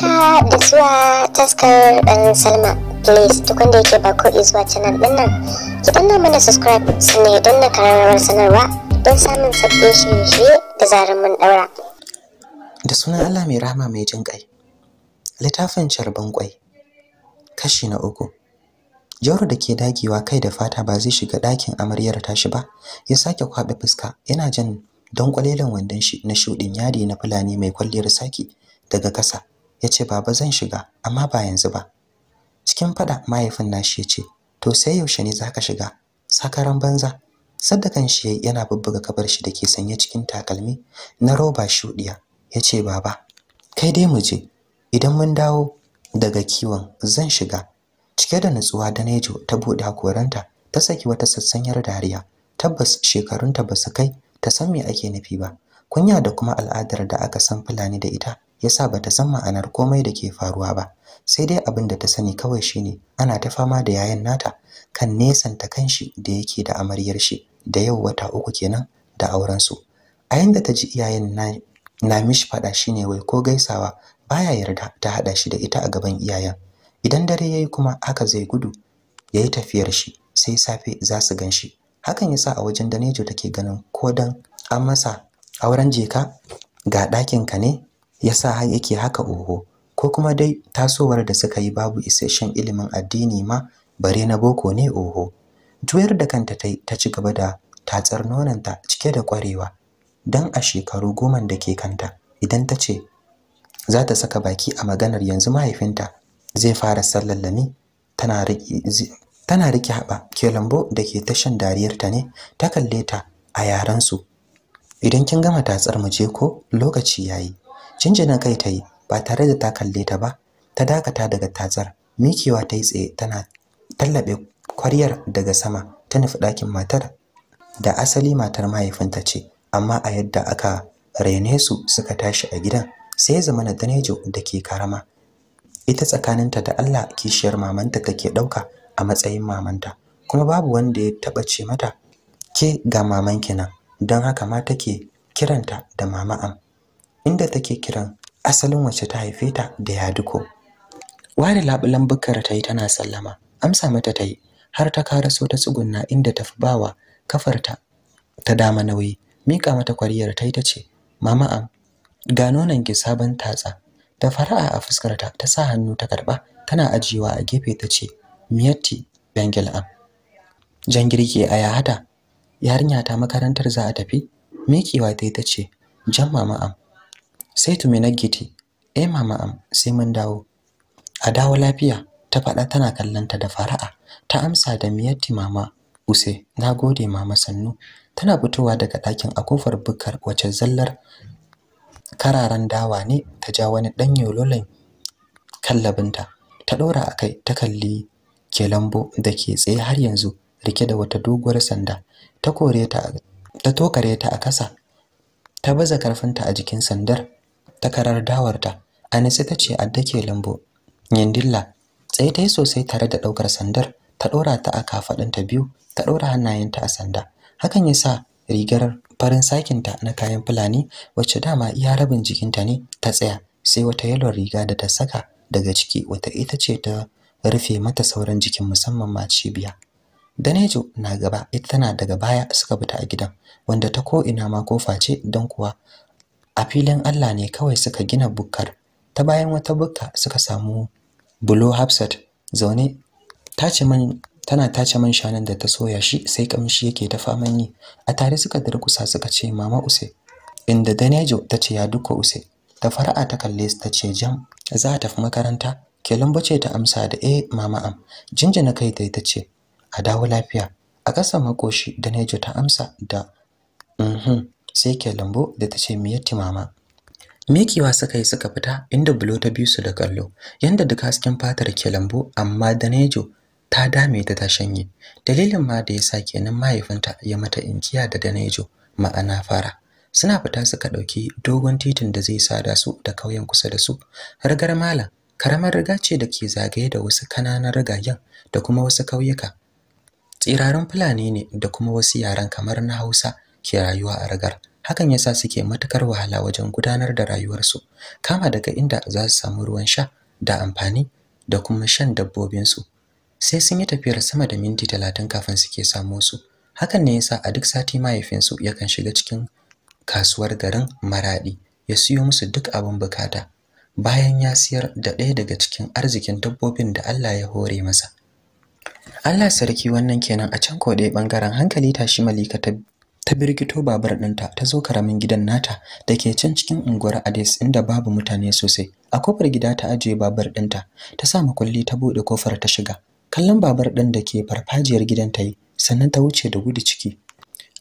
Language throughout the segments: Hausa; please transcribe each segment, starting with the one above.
haka da zuwa taskar dan salma please duk wanda yake ba ko zuwa canal din nan ki danna mana subscribe sannan ya danna karamar sanarwa don samun sabbin shirye-shirye da zarar mun daura da sunan allah mai rahama mai jin kai littafin carban kwai kashi na uku Jauro da ke dagewa kai da fata ba zai shiga ɗakin amaryar tashi ba, ya sake kwaɓe fuska yana jan don kwalelan wandon shi na shuɗin yadi na fulani mai kwalliyar saki daga ƙasa ya ce baba zan shiga amma ba yanzu ba cikin fada mahaifin nashi ya ce to sai yaushe ne za ka shiga sakaran banza saddakan shi yana bubbuga kabar shi da ke sanye cikin takalmi na roba shudiya ya ce baba kai dai mu je idan mun dawo daga kiwon zan shiga cike da nutsuwa da nejo ta buɗe hakoranta ta saki wata sassanyar dariya tabbas shekarunta ba su kai ta san me ake nufi ba kunya da kuma al'adar da aka san fulani da ita yasa bata san ma'anar komai da ke faruwa ba sai dai abin da ta sani kawai shine ana ta fama da yayan nata kan nesanta kanshi da yake da amaryar shi da yau wata uku kenan da auren su a yanda ta ji iyayen na na mishi fada shine wai ko gaisawa baya yarda ta hada shi da ita a gaban iyayen idan dare yayi kuma haka zai gudu yayi tafiyar shi sai safe za su ganshi. shi hakan yasa a wajen da Nejo take ganin ko dan an masa auren jeka ga ɗakin ka ne yasa har yake haka oho ko kuma dai tasowar da suka yi babu isasshen ilimin addini ma bare na boko ne oho juyar da kanta ta ci gaba da tatsar nonanta cike da kwarewa dan a shekaru goma da ke kanta idan ta ce za ta saka baki a maganar yanzu mahaifinta zai fara sallallami tana riki tana rike haɓa kelambo da ke tashan dariyarta ne ta kalle ta a yarensu idan kin gama tatsar mu je ko lokaci yayi jinjina kai ta yi ba tare da ta kalle ta ba ta dakata daga tatsar mikewa ta yi tsaye tana tallabe kwaryar daga sama ta nufi ɗakin matar da asali matar mahaifinta ce amma a yadda aka rene su suka tashi a gidan sai zama na danejo da ke karama ita tsakaninta da Allah kishiyar mamanta take ɗauka a matsayin mamanta kuma babu wanda ya taɓa ce mata ke ga maman don haka ma take kiranta da mama'am. inda take kiran asalin wacce ta haife ta da yaduko ware labulan bukkar ta yi tana sallama amsa mata ta yi har ta karaso ta tsugunna inda ta fi bawa kafarta ta dama nauyi mika mata kwariyar ta yi ta ce mama am ga nonon ki sabon tatsa ta fara'a a fuskarta ta sa hannu ta karba tana ajiyewa a gefe ta ce miyatti bengel am jan girki a ya hada yarinya ta makarantar za a tafi mikewa ta yi ta ce jan mama am sai tumi na giti E eh, mama am sai mun dawo a dawo lafiya ta faɗa tana kallanta da fara'a ta amsa da miyatti mama use gode, mama sannu tana fitowa daga ɗakin a kofar bukar wace zallar kararan dawa ne ta ja wani ɗan yololin kallabinta ta ɗora a kai ta kalli kelambo da ke tsaye har yanzu rike da wata doguwar sanda ta kore ta ta tokare ta a kasa ta baza karfinta a jikin sandar takarar dawarta anise ta ce addake lambo yindilla tsaye ta yi sosai tare da ɗaukar sandar ta ɗora ta a kafaɗinta biyu ta ɗora hannayenta a sanda hakan ya sa rigar farin sakinta na kayan fulani wacce dama iya rabin jikinta ne ta tsaya sai wata yalwar riga da ta saka daga ciki wata ita ce ta rufe mata sauran jikin musamman ma cibiya Danejo na gaba ita tana daga baya suka fita a gidan wanda ta ko ina ma kofa ce don kuwa a filin Allah ne kawai suka gina bukkar ta bayan wata bukka suka samu bulo Hafsat zaune tana tace man shanan da ta soya shi sai kamshi yake ta faman yi a tare suka durkusa suka ce mama use inda danejo ta ce ya duka use ta fara'a ta kalle su ta ce jam za ta tafi makaranta Ke bace ta amsa da eh mama am jinjina kai ta ita ce a dawo lafiya a ƙasa makoshi danejo ta amsa da mhm sai ke da ta ce miyatti mama Mikiwa suka yi suka fita inda bulo ta biyu su da kallo yanda duk hasken fatar ke lambo amma danejo ta dame ta ta shanye dalilin ma da yasa kenan mahaifinta ya mata inkiya da danejo ma'ana fara suna fita suka ɗauki dogon titin da zai sada su da kauyen kusa da su rigar malam karamar riga ce da ke zagaye da wasu kananan rigayen da kuma wasu kauyuka tsirarin fulani ne da kuma wasu yaren kamar na Hausa ke rayuwa a rigar hakan yasa suke matukar wahala wajen gudanar da rayuwarsu kama daga inda za su samu ruwan sha da amfani da kuma shan dabbobinsu sai sun yi tafiyar sama da minti talatin kafin suke samo su hakan ne yasa a duk sati mahaifinsu yakan shiga cikin kasuwar garin Maraɗi ya siyo musu duk abin bukata bayan ya siyar da ɗaya daga cikin arzikin dabbobin da Allah ya hore masa Allah sarki wannan kenan a can ko ɓangaren bangaren hankali tashi malika ta ta birkito babar ɗinta ta zo karamin gidan nata da ke can cikin unguwar Ades inda babu mutane sosai. A kofar gida ta ajiye babar ɗinta, ta sa makulli ta buɗe kofar ta shiga. Kallon babar ɗin da ke farfajiyar gidan ta yi, sannan ta wuce da gudu ciki.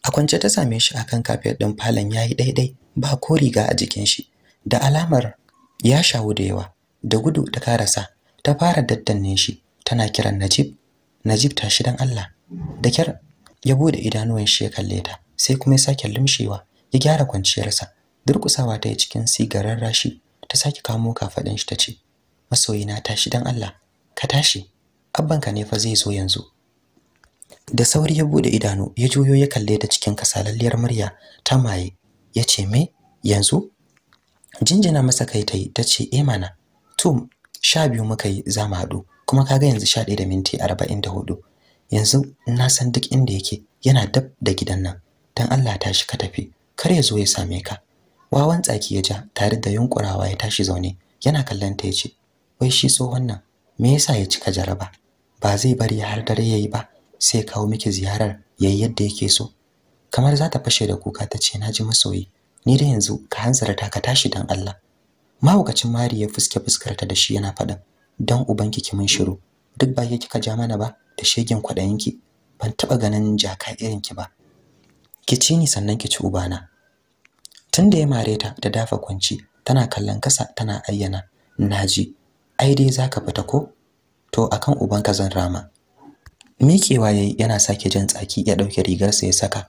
A kwance ta same shi akan kafet ɗin falon ya yi daidai, ba ko riga a jikin shi. Da alamar ya shawo da yawa, da gudu ta karasa, ta fara daddanne shi, tana kiran Najib. Najib tashi dan Allah. Da kyar ya bude idanuwan shi ya kalle ta. sai kuma ya sake lumshewa ya gyara kwanciyarsa durƙusawa ta yi cikin sigarar rashi ta sake kamo kafaɗin shi ta ce masoyina tashi dan Allah ka tashi abbanka ne fa zai zo yanzu da sauri ya bude idanu ya juyo ya kalle ta cikin kasalalliyar murya ta maye ya ce me yanzu jinjina masa kai ta yi ta ce eh mana to sha biyu muka yi za mu haɗu kuma kaga yanzu sha ɗaya da minti arba'in da hudu yanzu na san duk inda yake yana dab da gidan nan dan Allah tashi ka tafi kar ya zo ya same ka wawan tsaki ya ja tare da yunkurawa ya tashi zaune yana kallon ta yace wai shi tsohon nan me yasa ya cika jaraba ba zai bari har dare yayi ba sai kawo miki ziyarar yayi yadda yake so kamar za ta fashe da kuka ta ce na ji masoyi ni da yanzu ka hanzara ta ka tashi dan Allah mahaukacin mari ya fuske fuskarta da shi yana faɗin dan ubanki ki mun shiru duk ba kika ja mana ba da shegen kwaɗayinki ban taɓa ganin jaka irin ki ba ki ci ni sannan ki ci ubana tunda ya mare ta da dafa kwanci tana kallon kasa tana ayyana naji ai dai zaka fita ko to akan ubanka zan rama mikewa yayi yana sake jan tsaki ya dauke rigarsa ya saka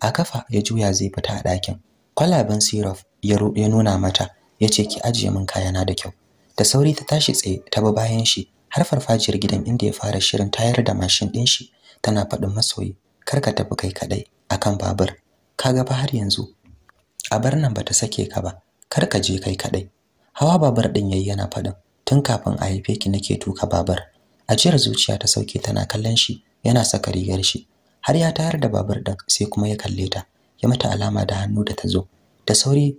a kafa ya juya zai fita a dakin kwalaben syrup ya ya nuna mata yace ki ajiye min kayana da kyau da sauri ta tashi tsaye ta bi bayan shi har farfajiyar gidan inda ya fara shirin tayar da mashin ɗin shi tana faɗin masoyi kar ka tafi kai kaɗai akan babur kaga fa har yanzu a bar nan bata sake ka ba kar ka je kai kadai hawa babur din yayi yana fadin tun kafin a haife ki nake tuka babur ajiyar zuciya ta sauke tana kallon shi yana saka rigar shi har ya tayar da babur din sai kuma ya kalle ta ya mata alama da hannu da ta zo da sauri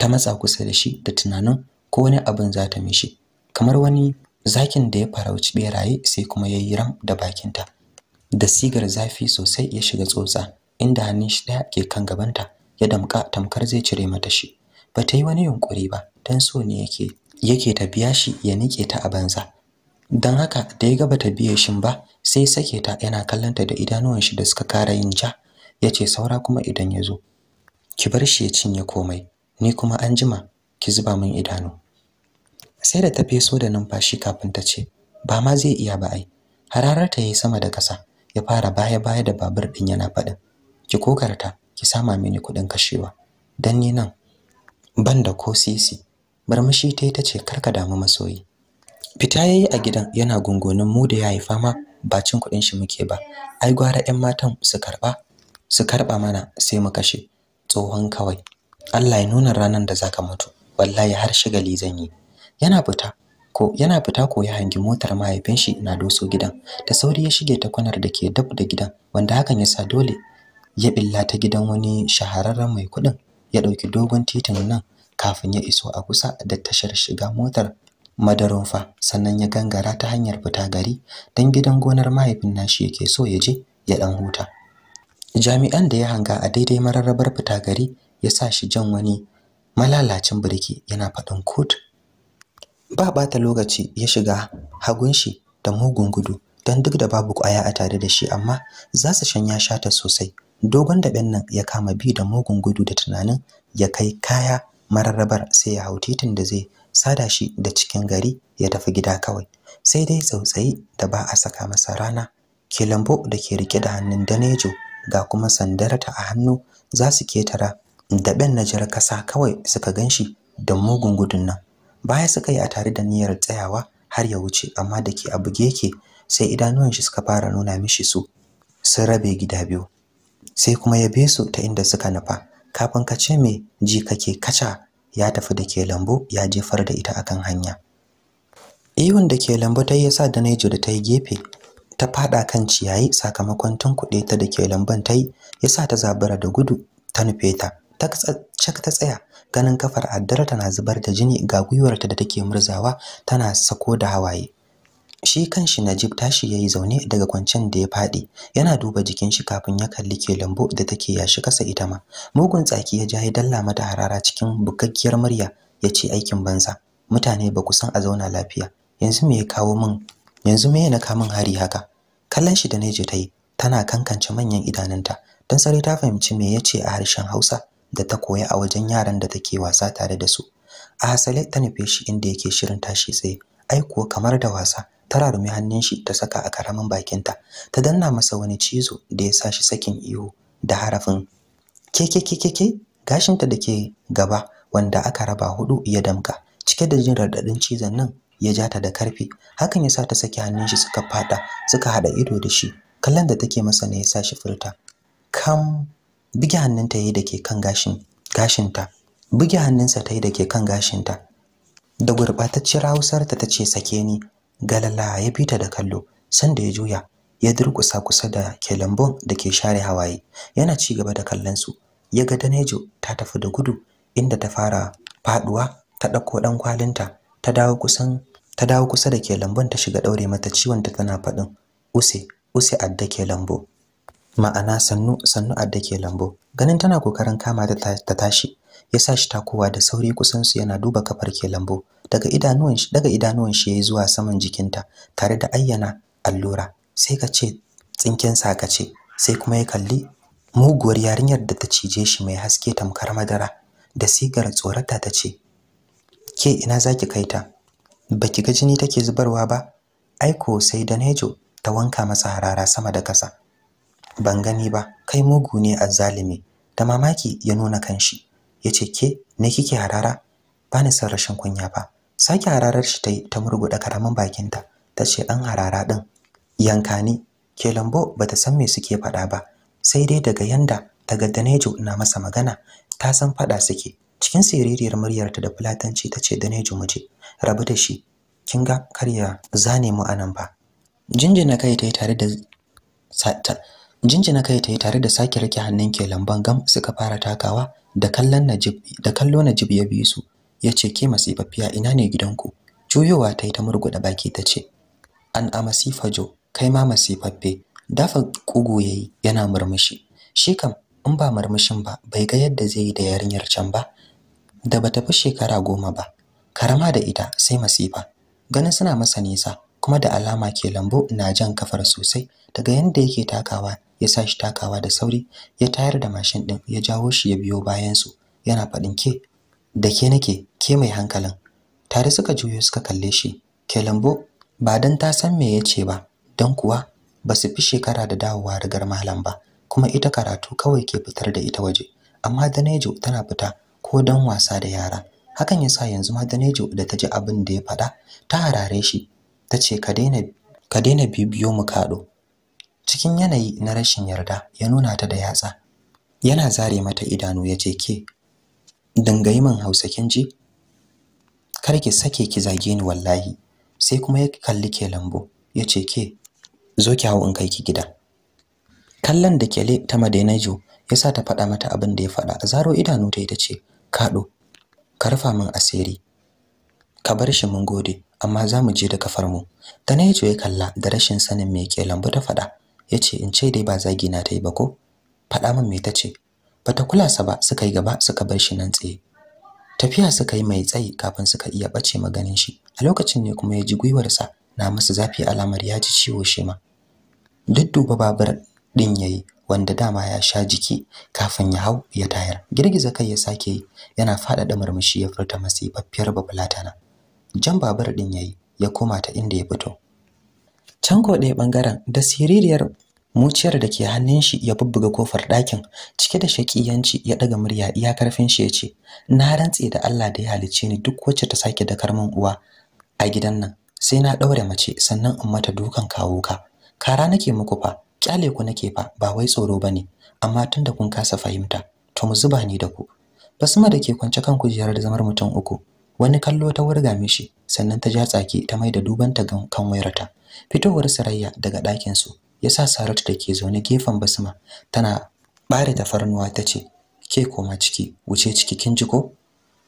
ta matsa kusa da shi da tunanin ko wani abin za ta mishi kamar wani zakin da ya farauci beraye sai kuma ya yi ram da bakinta da sigar zafi sosai ya shiga tsotsa inda hannun shi ɗaya ke kan gabanta ya damƙa tamkar zai cire mata shi ba ta yi wani yunƙuri ba don so ne yake yake ta biya shi ya niƙe ta a banza don haka da ya ga bata biye shin ba sai sake ta yana kallon ta da idanuwan shi da suka kara yin ja yace saura kuma idan ya zo ki bar shi ya cinye komai ni kuma an jima ki zuba min idanu sai da ta feso da numfashi kafin ta ce ba ma zai iya ba ai Hararar ta yayi sama da kasa ya fara baya baya da babur din yana faɗin ki kokarta ki sama mini kuɗin kashewa dan ni nan ban da ko sisi murmushi ta yi tace ce karka damu masoyi fita yayi a gidan yana gungunan mu da yayi fama ba cin kuɗin shi muke ba ai gwara 'yan matan su karba su karba mana sai mu kashe tsohon kawai Allah ya nuna ranar da zaka mutu wallahi har shigali zan yi yana fita ko yana fita ko ya hangi motar mahaifin shi na doso gidan da sauri ya shige ta kwanar da ke dab da gidan wanda hakan ya sa dole ya billa ta gidan wani shahararren mai kuɗin ya ɗauki dogon titin nan kafin ya iso a kusa da tashar shiga motar madarunfa sannan ya gangara ta hanyar fita gari don gidan gonar mahaifin nashi yake so ya je ya ɗan huta jami'an da ya hanga a daidai mararrabar fita gari ya sa shi jan wani malalacin birki yana faɗin kot ba ɓata lokaci ya shiga hagun shi da mugun gudu don duk da babu kwaya a tare da shi amma za su shanya shata sosai dogon daɓen nan ya kama biyu da mugun gudu da tunanin ya kai kaya mararrabar sai ya hau titin da zai sada shi da cikin gari ya tafi gida kawai sai dai tsautsayi da ba a saka masa rana ke lambo da ke rike da hannun danejo ga kuma sandarta a hannu za su ketara daɓen na jar kasa kawai suka gan shi da mugun gudun nan baya suka yi a tare da niyyar tsayawa har ya wuce amma da ke a buge ke, sai idanuwan shi suka fara nuna mishi su sun rabe gida biyu sai kuma ya be su ta inda suka nufa kafin ka ce me ji kake kaca ya tafi da ke lambu ya jefar da ita akan hanya ihun da ke lambu ta yi sa da naijo da ta yi gefe ta fada kan ciyayi sakamakon tun kuɗe ta da ke lambun ta yi ya sa ta zabara da gudu ta nufe ta ta cak ta tsaya ganin kafar addar tana zubar da jini ga gwiwarta da take murzawa tana sako da hawaye shi kanshi Najib tashi yayi zaune daga kwancen da ya fadi yana duba jikin shi kafin ya kalli ke lambo da take yashi kasa ita ma mugun tsaki ya ja dalla mata harara cikin bukakkiyar murya yace aikin banza mutane ba ku san a zauna lafiya yanzu me ya kawo min yanzu me yana kawo min hari haka kallon shi da Neje tayi tana kankance manyan idanunta dan sare ta fahimci me yace a harshen Hausa da ta koya a wajen yaran da take wasa tare da su a hasale ta nufe shi inda yake shirin tashi tsaye ai kuwa kamar da wasa ta rarumi hannun shi ta saka a karamin bakinta ta danna masa wani cizo da ya sa shi sakin ihu da harafin keke-keke-ke gashinta da ke gaba wanda aka raba hudu ya damka cike da jin radadin cizon nan ya ja ta da karfi hakan ya sa ta saki hannun shi suka fada suka hada ido da shi kallon da take masa ne ya sa shi furta kam buge hannunta yayi da ke kan gashin gashinta buge hannunsa ta yi da ke kan gashinta da gurɓatacciyar hausarta ta ce sake ni galala ya fita da kallo sanda ya juya ya durkusa kusa da kelambon da ke share hawaye yana ci gaba da kallon su ya ga Danejo ta tafi da gudu inda ta fara faduwa ta dauko dan kwalinta ta dawo kusan ta dawo kusa da kelambon ta shiga daure mata ciwon ta tana fadin use use adda lambu. ma'ana sannu sannu adda ke lambo ganin tana kokarin kama ta tashi ya sa shi takowa da sauri kusan su yana duba kafar ke lambo daga idanuwan shi daga idanuwan shi yayi zuwa saman jikinta tare da ayyana allura sai ka ce tsinken ka ce sai kuma ya kalli muguwar yarinyar da ta cije shi mai haske tamkar madara da sigar tsorata ta ce ke ina zaki kai ta baki ga jini take zubarwa ba aiko sai da nejo ta wanka masa harara sama da kasa ban gani ba kai mugu ne azzalimi da mamaki ya nuna kanshi yace ke ne kike harara bani son rashin kunya ba sake hararar shi ta ta murguda karamin bakinta tace an harara din yankani ke lambo bata san me suke faɗa ba sai dai daga yanda daga Danejo na masa magana ta san faɗa suke cikin siririyar muryarta da fulatanci tace Danejo muje rabu da shi kin ga karya zane mu anan ba jinjina kai tai tare da jinjina kai ta yi tare da sake rike hannun ke lamban gam suka fara takawa da kallon najib da kallo najib ya bi su ya ce ke masifaffiya ina ne gidanku juyowa ta yi ta murguda baki ta ce an a masifajo kai ma masifaffe dafa kugu yayi yana murmushi shi kam in ba murmushin ba bai ga yadda zai yi da yarinyar can ba da ta fi shekara goma ba karama da ita sai masifa ganin suna masa nisa kuma da alama ke lambo na jan kafar sosai daga yadda yake takawa ya sa shi takawa da sauri ya tayar da mashin din ya jawo shi ya biyo bayan su yana faɗin ke da ke nake ke mai hankalin tare suka juyo suka kalle shi ke lambo ba dan ta san me yace ba dan kuwa ba su fi shekara da dawowa rigar malam ba kuma ita karatu kawai ke fitar da ita waje amma Danejo tana fita ko dan wasa da yara hakan yasa yanzu ma Danejo da ta ji abin da ya faɗa ta harare shi ta ce ka daina ka daina bibiyo mu kaɗo cikin yanayi na rashin yarda ya nuna ta da yatsa yana zare mata idanu ya ce ke dangayi min hausa kin ji kar ki sake ki zage ni wallahi sai kuma ya kalli ke lambo ya ce ke zo ki hau in kai ki gida kallon da kele ta madainajo ya sa ta faɗa mata abin da ya faɗa zaro idanu ta ita ce kaɗo ka rufa min asiri ka bar shi mun gode amma za mu je da kafar mu Tanejo ya kalla da rashin sanin me ke lambu ta faɗa Ya ce in ce dai ba zagi na ta yi ba ko faɗa min me ta ce bata kula sa ba suka yi gaba suka bar shi nan tsaye tafiya suka yi mai tsayi kafin suka iya bace maganin shi a lokacin ne kuma ya ji gwiwarsa na musu zafi alamar ya ji ciwo shi ma duba babur din yayi wanda dama ya sha jiki kafin ya hau ya tayar girgiza kai ya sake yi yana faɗaɗa murmushi ya furta masifaffiyar na. jan babur din yayi ya koma ta inda ya fito Can ko ɗaya ɓangaren da siririyar muciyar da ke hannun shi ya bubbuga kofar ɗakin cike da shaƙiyanci ya ɗaga murya iya karfin shi ya ce na rantse da Allah da ya halicce ni duk wacce ta sake da karmin uwa a gidan nan sai na ɗaure mace sannan in mata dukan kawo ka kara nake muku fa kyale ku nake fa ba wai tsoro ba ne. amma tun da kun kasa fahimta to mu zuba ni da ku basma da ke kwance kan kujerar zamar mutum uku wani kallo ta wurga mishi sannan ta ja tsaki ta mai da dubanta ga kan wayarta fitowar sarayya daga ɗakin su yasa Saratu da ke zaune gefen Basma tana bare tafarnuwa ta ce ke koma ciki wuce ciki kin ji ko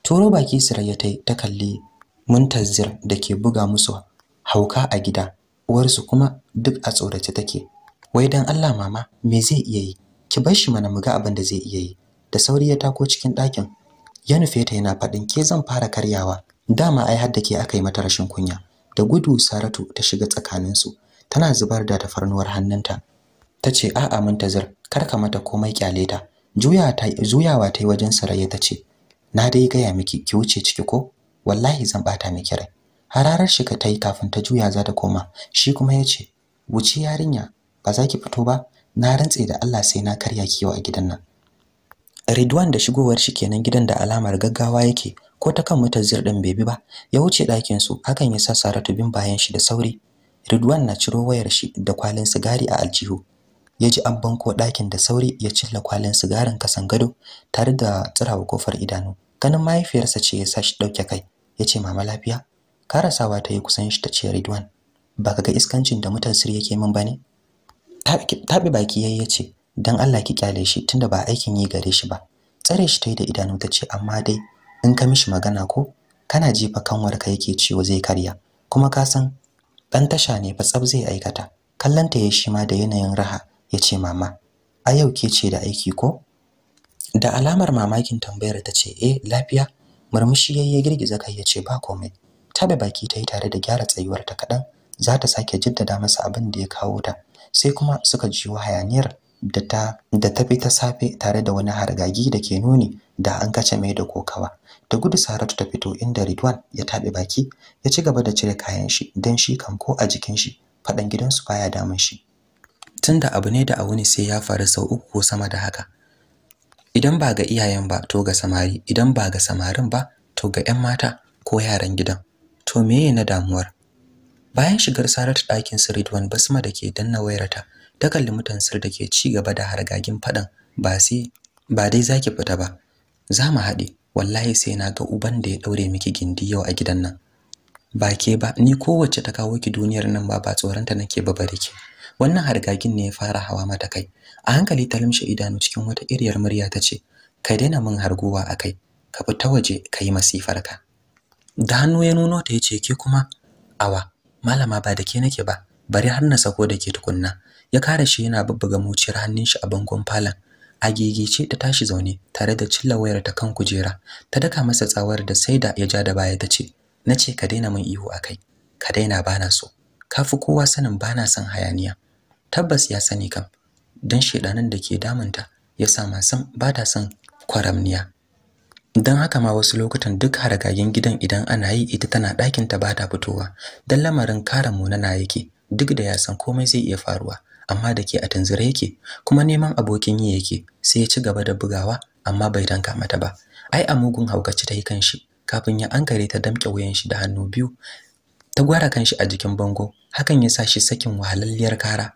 Turo baki sarayya ta ta kalli Muntazir da ke buga musu hauka a gida uwarsu kuma duk a tsorace take wai dan Allah mama me zai iya yi ki bar shi mana ga abin da zai iya yi da sauri ya tako cikin ɗakin ya nufe ta yana faɗin ke zan fara karyawa dama ai har ke aka yi mata rashin kunya da gudu saratu ta shiga tsakanin su tana zubar da tafarnuwar hannunta ta ce a'a mantazir kar ka mata komai kyale ta juya ta yi wajen sarayya tace tace. na dai gaya miki ki wuce ciki ko wallahi zan bata miki rai hararar shi ka tai kafin ta juya za ta koma shi kuma yace ce wuce yarinya ba za ki fito ba na rantse da Allah sai na karya kiwo a gidan nan Ridwan da shigowar shi kenan gidan da alamar gaggawa yake ko ta kan mutazir din bai bi ba ya wuce ɗakin su hakan ya sa Saratu bin bayan shi da sauri Ridwan na ciro wayar shi da kwalin sigari a aljihu ya ji an banko ɗakin da sauri ya cilla kwalin sigarin kasan gado tare da tsirawa kofar idanu ganin mahaifiyarsa ce ya sa shi ɗauke kai ya ce mama lafiya karasawa ta yi kusan shi ta ce Ridwan baka ga iskancin da mutasir yake min bane tabi baki yayi ya ce dan Allah ki kyale shi tunda ba aikin yi gare shi ba tsare shi tayi da idanu ta ce amma dai in ka mishi magana ko kana jefa kanwarka yake ciwo zai karya kuma ka san dan tasha ne fa tsab zai aikata ta ya shi ma da yanayin raha ya ce mama a yau ke ce da aiki ko da alamar mamakin tambayar ta ce eh lafiya murmushi yayye girgiza kai ya ce ba komai tabe baki ta yi tare da gyara tsayuwar ta kaɗan za ta sake jiddada masa abin da ya kawo ta sai kuma suka jiyo hayaniyar da ta bi ta safe tare da wani hargagi da ke nuni da an kace mai da kokawa da gudu saratu ta fito inda ridwan ya taɓe baki ya ci gaba da cire kayan shi don shi kan ko a jikin shi faɗan gidansu baya damun shi tunda abu ne da a wuni sai ya faru sau uku ko sama da haka idan ba ga iyayen ba to ga samari idan ba ga samarin ba to ga 'yan mata ko yaran gidan to meye na damuwar bayan shigar saratu ɗakin su ridwan basma da ke danna wayarta ta kalli mutansir da ke ci gaba da hargagin faɗan ba sai ba dai zaki fita ba za mu haɗe wallahi sai na ga uban da ya ɗaure miki gindi yau a gidan nan ba ke ba ni kowace ta kawo ki duniyar nan ba ba tsoronta nake ba bare ki wannan hargagin ne ya fara hawa mata kai a hankali ta lumshe idanu cikin wata iriyar murya ta ce ka daina min harguwa a kai ka fita waje ka yi ka da hannu ya nuno ta yace ke kuma awa malama ba da ke nake ba bari har na sako da ke tukunna ya kare shi yana bubbuga mociyar hannun shi a bangon falon a gigice ta tashi zaune tare da cilla wayar ta kan kujera ta daka masa tsawar da sai da ya ja da baya ta ce na ce ka daina min ihu akai ka daina bana so kafi kowa sanin bana son hayaniya tabbas ya sani kam dan shedanan da ke damunta ya sa ma san ba ta son kwaramniya dan haka ma wasu lokutan duk haragagen gidan idan ana yi ita tana ɗakin ta ba ta fitowa dan lamarin kara munana yake duk da ya san komai zai iya faruwa amma da ke a tunzure yake kuma neman abokin yi yake sai ya ci gaba da bugawa amma bai danka mata ba ai a mugun haukaci ta yi kanshi kafin ya ankare ta damke wuyan shi da hannu biyu ta gwara kanshi a jikin bango hakan ya sa shi sakin wahalalliyar kara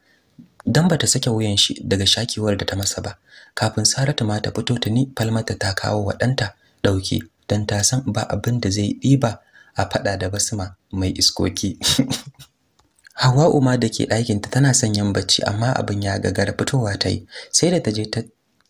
dan bata sake wuyan shi daga shakewar da ta masa ba kafin Saratu ma ta fito tuni falmata ta kawo wa ɗanta ɗauki dan ta san ba abin da zai ɗiba a faɗa da basma mai iskoki Hauwa, ma da ke ɗakinta tana son yin bacci amma abin ya gagara fitowa ta yi sai da ta je ta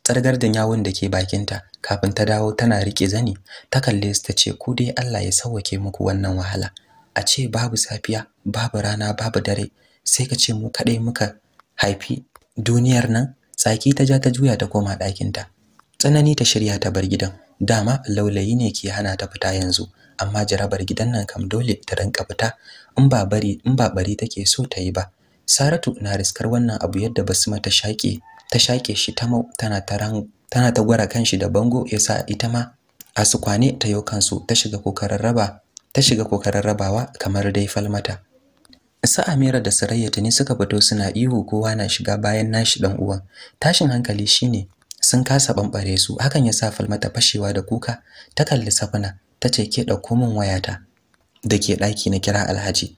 tsargar da yawon da ke bakinta kafin ta dawo tana riƙe zani ta kalle su ta ce ku dai Allah ya sauwake muku wannan wahala a ce babu safiya babu rana babu dare sai ka ce mu kaɗai muka haifi duniyar nan tsaki ta ja ta juya ta koma ɗakinta tsanani ta shirya ta bar gidan dama laulayi ne ke hana ta fita yanzu amma jarabar gidan nan kam dole ta rinka fita in ba bari in ba bari take so ta yi ba Saratu na riskar wannan abu yadda Basma ta shake ta shake shi ta mau tana taran tana ta gwara kanshi da bango yasa ita ma a su kwane ta yau kansu ta shiga kokarin raba ta shiga kokarin rabawa kamar dai falmata Sa Amira da Sarayya tuni suka fito suna ihu kowa na shiga bayan nashi dan uwan tashin hankali shine sun kasa bambare su hakan ya sa Falmata fashewa da kuka ta kalli Safina Ta ce ke dauko min wayata da ke daki na kira Alhaji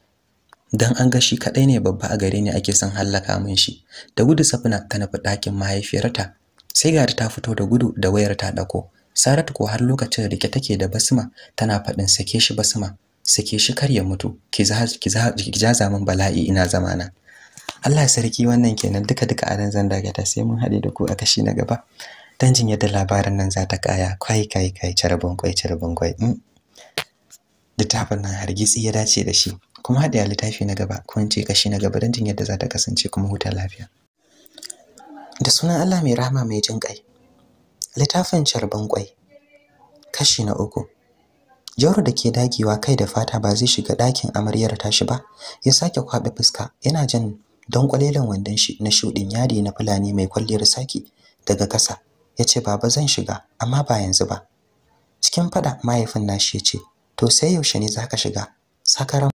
dan an ga shi kadai ne babba a gare ni ake son hallaka min shi da gudu safina ta nufi ɗakin mahaifiyarta sai ga ta fito da gudu da wayar ta dako Saratu ko har lokacin da rike take da Basma tana faɗin sake shi Basma sake shi kar ya mutu ki za ki bala'i ina zamana Allah sarki wannan kenan duka duka a nan zan dagata sai mun haɗe da ku a kashi na gaba dan jin yadda labarin nan za ta kaya kai kai kai carbon kwai carbon kwai mm. littafin nan hargitsi ya dace da shi kuma a littafi na gaba ko ce kashi na gaba dan jin yadda za ta kasance kuma huta lafiya da sunan Allah mai rahama mai jin kai littafin carbon kwai kashi na uku Jauro da ke dagewa kai da fata ba zai shiga ɗakin amaryar tashi ba, ya sake kwaɓe fuska yana jan don kwalelan wandon shi na shuɗin yadi na fulani mai kwalliyar saki daga ƙasa ya ce baba zan shiga amma ba yanzu ba cikin fada mahaifin nashi ya ce to sai yaushe ne za ka shiga sakaran